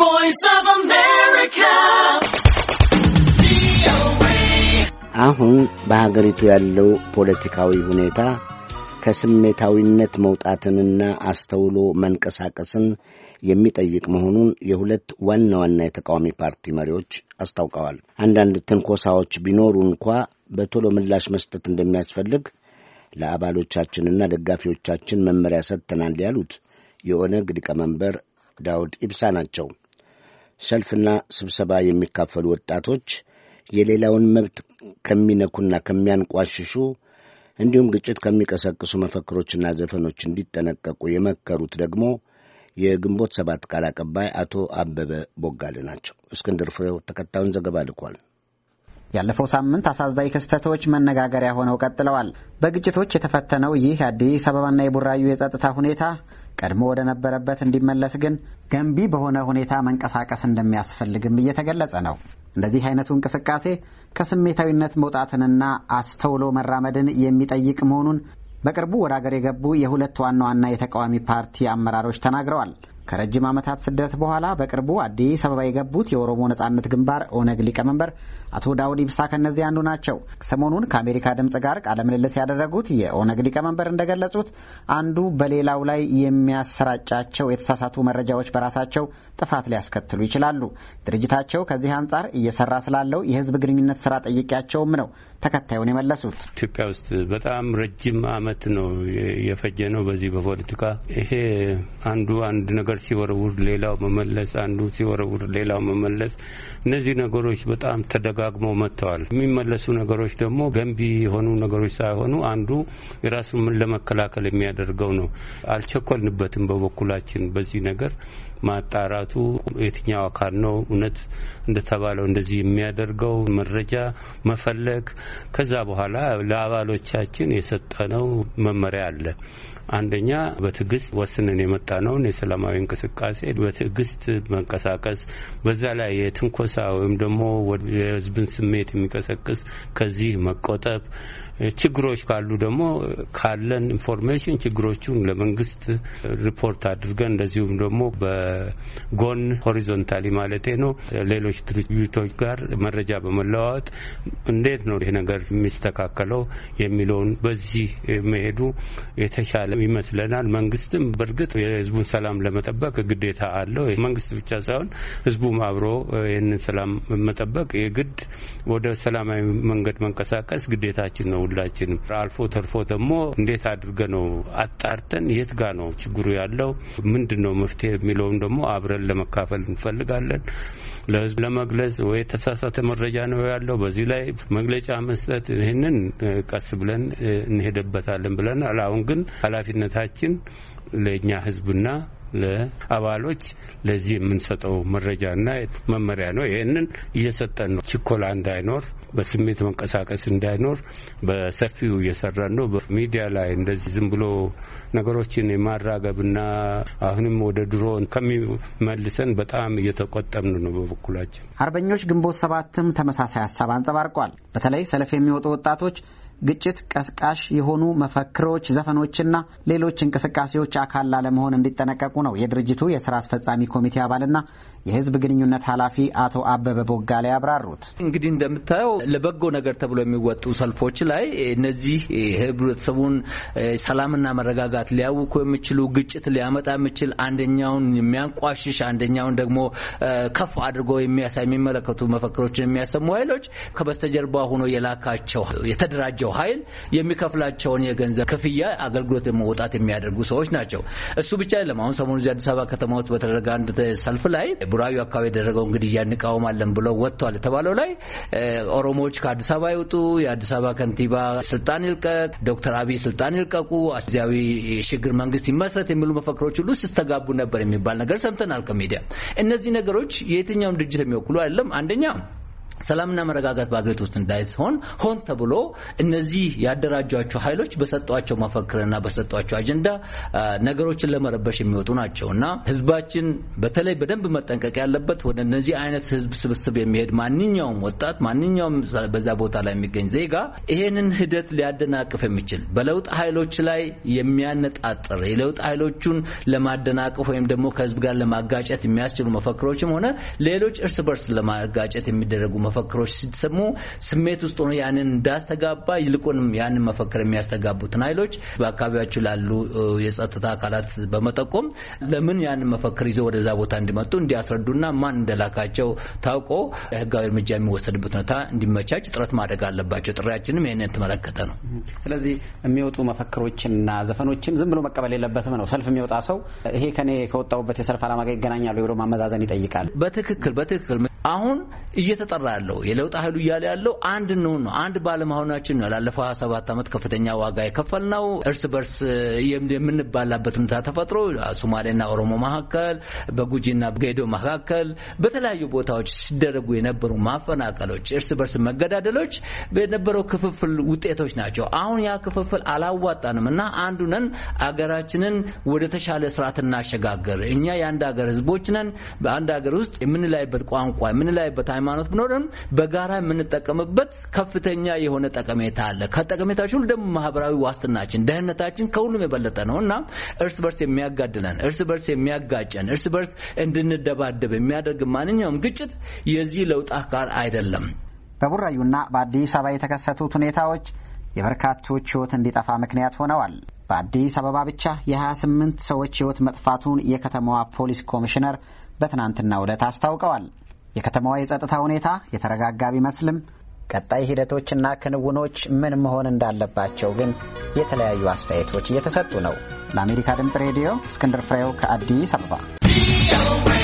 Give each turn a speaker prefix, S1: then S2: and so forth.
S1: voice of America.
S2: አሁን በሀገሪቱ ያለው ፖለቲካዊ ሁኔታ ከስሜታዊነት መውጣትንና አስተውሎ መንቀሳቀስን የሚጠይቅ መሆኑን የሁለት ዋና ዋና የተቃዋሚ ፓርቲ መሪዎች አስታውቀዋል። አንዳንድ ትንኮሳዎች ቢኖሩ እንኳ በቶሎ ምላሽ መስጠት እንደሚያስፈልግ ለአባሎቻችንና ደጋፊዎቻችን መመሪያ ሰጥተናል ያሉት የኦነግ ሊቀመንበር ዳውድ ኢብሳ ናቸው። ሰልፍና ስብሰባ የሚካፈሉ ወጣቶች የሌላውን መብት ከሚነኩና ከሚያንቋሽሹ እንዲሁም ግጭት ከሚቀሰቅሱ መፈክሮችና ዘፈኖች እንዲጠነቀቁ የመከሩት ደግሞ የግንቦት ሰባት ቃል አቀባይ አቶ አበበ ቦጋለ ናቸው። እስክንድር ፍሬው ተከታዩን ዘገባ ልኳል።
S1: ያለፈው ሳምንት አሳዛኝ ክስተቶች መነጋገሪያ ሆነው ቀጥለዋል። በግጭቶች የተፈተነው ይህ አዲስ አበባና የቡራዩ የጸጥታ ሁኔታ ቀድሞ ወደ ነበረበት እንዲመለስ ግን ገንቢ በሆነ ሁኔታ መንቀሳቀስ እንደሚያስፈልግም እየተገለጸ ነው። እንደዚህ አይነቱ እንቅስቃሴ ከስሜታዊነት መውጣትንና አስተውሎ መራመድን የሚጠይቅ መሆኑን በቅርቡ ወደ አገር የገቡ የሁለት ዋና ዋና የተቃዋሚ ፓርቲ አመራሮች ተናግረዋል። ከረጅም ዓመታት ስደት በኋላ በቅርቡ አዲስ አበባ የገቡት የኦሮሞ ነጻነት ግንባር ኦነግ ሊቀመንበር አቶ ዳውድ ኢብሳ ከእነዚህ አንዱ ናቸው። ሰሞኑን ከአሜሪካ ድምፅ ጋር ቃለ ምልልስ ያደረጉት የኦነግ ሊቀመንበር እንደገለጹት አንዱ በሌላው ላይ የሚያሰራጫቸው የተሳሳቱ መረጃዎች በራሳቸው ጥፋት ሊያስከትሉ ይችላሉ። ድርጅታቸው ከዚህ አንጻር እየሰራ ስላለው የህዝብ ግንኙነት ስራ ጠይቄያቸውም ነው ተከታዩን የመለሱት።
S3: ኢትዮጵያ ውስጥ በጣም ረጅም ዓመት ነው የፈጀ ነው በዚህ በፖለቲካ ይሄ አንዱ አንድ ነገር ነገር ሲወረውር ሌላው መመለስ፣ አንዱ ሲወረውር ሌላው መመለስ፣ እነዚህ ነገሮች በጣም ተደጋግመው መጥተዋል። የሚመለሱ ነገሮች ደግሞ ገንቢ የሆኑ ነገሮች ሳይሆኑ አንዱ የራሱን ምን ለመከላከል የሚያደርገው ነው። አልቸኮልንበትም። በበኩላችን በዚህ ነገር ማጣራቱ የትኛው አካል ነው እውነት እንደተባለው እንደዚህ የሚያደርገው መረጃ መፈለግ። ከዛ በኋላ ለአባሎቻችን የሰጠነው መመሪያ አለ። አንደኛ በትዕግስት ወስንን ነውን የሰላማዊ እንቅስቃሴ በትዕግስት መንቀሳቀስ በዛ ላይ የትንኮሳ ወይም ደግሞ የህዝብን ስሜት የሚቀሰቅስ ከዚህ መቆጠብ፣ ችግሮች ካሉ ደግሞ ካለን ኢንፎርሜሽን ችግሮቹን ለመንግስት ሪፖርት አድርገን እንደዚሁም ደግሞ በጎን ሆሪዞንታሊ ማለቴ ነው ሌሎች ድርጅቶች ጋር መረጃ በመለዋወጥ እንዴት ነው ይህ ነገር የሚስተካከለው የሚለውን በዚህ መሄዱ የተሻለ ይመስለናል። መንግስትም በእርግጥ የህዝቡን ሰላም ለመጠ መጠበቅ ግዴታ አለው። መንግስት ብቻ ሳይሆን ህዝቡም አብሮ ይህንን ሰላም መጠበቅ የግድ ወደ ሰላማዊ መንገድ መንቀሳቀስ ግዴታችን ነው ሁላችንም። አልፎ ተርፎ ደግሞ እንዴት አድርገ ነው አጣርተን የት ጋ ነው ችግሩ ያለው ምንድን ነው መፍትሄ የሚለውም ደግሞ አብረን ለመካፈል እንፈልጋለን። ለህዝብ ለመግለጽ ወይ የተሳሳተ መረጃ ነው ያለው በዚህ ላይ መግለጫ መስጠት ይህንን ቀስ ብለን እንሄደበታለን ብለናል። አሁን ግን ኃላፊነታችን ለእኛ ህዝብና ለአባሎች ለዚህ የምንሰጠው መረጃና መመሪያ ነው። ይህንን እየሰጠን ነው። ችኮላ እንዳይኖር፣ በስሜት መንቀሳቀስ እንዳይኖር በሰፊው እየሰራን ነው። በሚዲያ ላይ እንደዚህ ዝም ብሎ ነገሮችን የማራገብና አሁንም ወደ ድሮ ከሚመልሰን በጣም እየተቆጠብን ነው። በበኩላችን
S1: አርበኞች ግንቦት ሰባትም ተመሳሳይ ሀሳብ አንጸባርቋል። በተለይ ሰልፍ የሚወጡ ወጣቶች ግጭት ቀስቃሽ የሆኑ መፈክሮች፣ ዘፈኖችና ሌሎች እንቅስቃሴዎች አካል ላለመሆን እንዲጠነቀቁ ነው የድርጅቱ የስራ አስፈጻሚ ኮሚቴ አባልና የህዝብ ግንኙነት ኃላፊ አቶ አበበ ላይ ያብራሩት።
S4: እንግዲህ እንደምታየው ለበጎ ነገር ተብሎ የሚወጡ ሰልፎች ላይ እነዚህ ህብረተሰቡን ሰላምና መረጋጋት ሊያውኩ የሚችሉ ግጭት ሊያመጣ የሚችል አንደኛውን የሚያንቋሽሽ አንደኛውን ደግሞ ከፍ አድርጎ የሚያሳ የሚመለከቱ መፈክሮችን የሚያሰሙ ኃይሎች ከበስተጀርባ ሆኖ የላካቸው የተደራጀው ያለው ኃይል የሚከፍላቸውን የገንዘብ ክፍያ አገልግሎት ለመውጣት የሚያደርጉ ሰዎች ናቸው። እሱ ብቻ አይደለም። አሁን ሰሞኑ እዚህ አዲስ አበባ ከተማ ውስጥ በተደረገ አንድ ሰልፍ ላይ ቡራዩ አካባቢ የደረገውን ግድያ እንቃወማለን ብሎ ወጥቷል የተባለው ላይ ኦሮሞዎች ከአዲስ አበባ ይውጡ፣ የአዲስ አበባ ከንቲባ ስልጣን ይልቀቅ፣ ዶክተር አብይ ስልጣን ይልቀቁ፣ አስዚያዊ የሽግግር መንግስት ይመስረት የሚሉ መፈክሮች ሁሉ ሲስተጋቡ ነበር የሚባል ነገር ሰምተናል ከሚዲያ። እነዚህ ነገሮች የትኛውን ድርጅት የሚወክሉ አይደለም አንደኛ ሰላምና መረጋጋት በአገሪቱ ውስጥ እንዳይሆን ሆን ተብሎ እነዚህ ያደራጇቸው ኃይሎች በሰጧቸው መፈክርና በሰጧቸው አጀንዳ ነገሮችን ለመረበሽ የሚወጡ ናቸው እና ህዝባችን በተለይ በደንብ መጠንቀቅ ያለበት ወደ እነዚህ አይነት ህዝብ ስብስብ የሚሄድ ማንኛውም ወጣት፣ ማንኛውም በዛ ቦታ ላይ የሚገኝ ዜጋ ይሄንን ሂደት ሊያደናቅፍ የሚችል በለውጥ ኃይሎች ላይ የሚያነጣጥር የለውጥ ኃይሎቹን ለማደናቅፍ ወይም ደግሞ ከህዝብ ጋር ለማጋጨት የሚያስችሉ መፈክሮችም ሆነ ሌሎች እርስ በርስ ለማጋጨት የሚደረጉ መፈክሮች ሲሰሙ ስሜት ውስጥ ሆኖ ያንን እንዳስተጋባ ይልቁንም ያንን መፈክር የሚያስተጋቡትን ኃይሎች በአካባቢያቸው ላሉ የጸጥታ አካላት በመጠቆም ለምን ያንን መፈክር ይዘው ወደዛ ቦታ እንዲመጡ እንዲያስረዱና ማን እንደላካቸው ታውቆ ህጋዊ እርምጃ የሚወሰድበት ሁኔታ እንዲመቻች ጥረት ማድረግ አለባቸው። ጥሪያችንም ይህንን የተመለከተ ነው። ስለዚህ የሚወጡ መፈክሮችንና
S1: ዘፈኖችን ዝም ብሎ መቀበል የለበትም ነው። ሰልፍ የሚወጣ ሰው ይሄ ከኔ ከወጣሁበት የሰልፍ ዓላማ ጋር ይገናኛሉ ብሎ ማመዛዘን
S4: ይጠይቃል። በትክክል በትክክል አሁን እየተጠራ ያለው የለውጥ ኃይሉ እያለ ያለው አንድ እንሁን ነው። አንድ ባለመሆናችን ነው ላለፈው 27 ዓመት ከፍተኛ ዋጋ የከፈልነው። እርስ በርስ የምንባላበት ሁኔታ ተፈጥሮ ሶማሌና ኦሮሞ መካከል፣ በጉጂና ጌዶ መካከል በተለያዩ ቦታዎች ሲደረጉ የነበሩ ማፈናቀሎች፣ እርስ በርስ መገዳደሎች የነበረው ክፍፍል ውጤቶች ናቸው። አሁን ያ ክፍፍል አላዋጣንም እና አንዱ ነን አገራችንን ወደ ተሻለ ስርዓት እናሸጋገር። እኛ የአንድ ሀገር ህዝቦች ነን። በአንድ ሀገር ውስጥ የምንላይበት ቋንቋ የምንላይበት ሃይማኖት ብኖር ቢሆንም በጋራ የምንጠቀምበት ከፍተኛ የሆነ ጠቀሜታ አለ። ከጠቀሜታዎች ሁሉ ደግሞ ማህበራዊ ዋስትናችን፣ ደህንነታችን ከሁሉም የበለጠ ነው እና እርስ በርስ የሚያጋድለን፣ እርስ በርስ የሚያጋጨን፣ እርስ በርስ እንድንደባደብ የሚያደርግ ማንኛውም ግጭት የዚህ ለውጥ አካል አይደለም።
S1: በቡራዩና በአዲስ አበባ የተከሰቱት ሁኔታዎች የበርካቶች ህይወት እንዲጠፋ ምክንያት ሆነዋል። በአዲስ አበባ ብቻ የ28 ሰዎች ህይወት መጥፋቱን የከተማዋ ፖሊስ ኮሚሽነር በትናንትናው ዕለት አስታውቀዋል። የከተማዋ የጸጥታ ሁኔታ የተረጋጋ ቢመስልም ቀጣይ ሂደቶችና ክንውኖች ምን መሆን እንዳለባቸው ግን የተለያዩ አስተያየቶች እየተሰጡ ነው። ለአሜሪካ ድምፅ ሬዲዮ እስክንድር ፍሬው ከአዲስ አበባ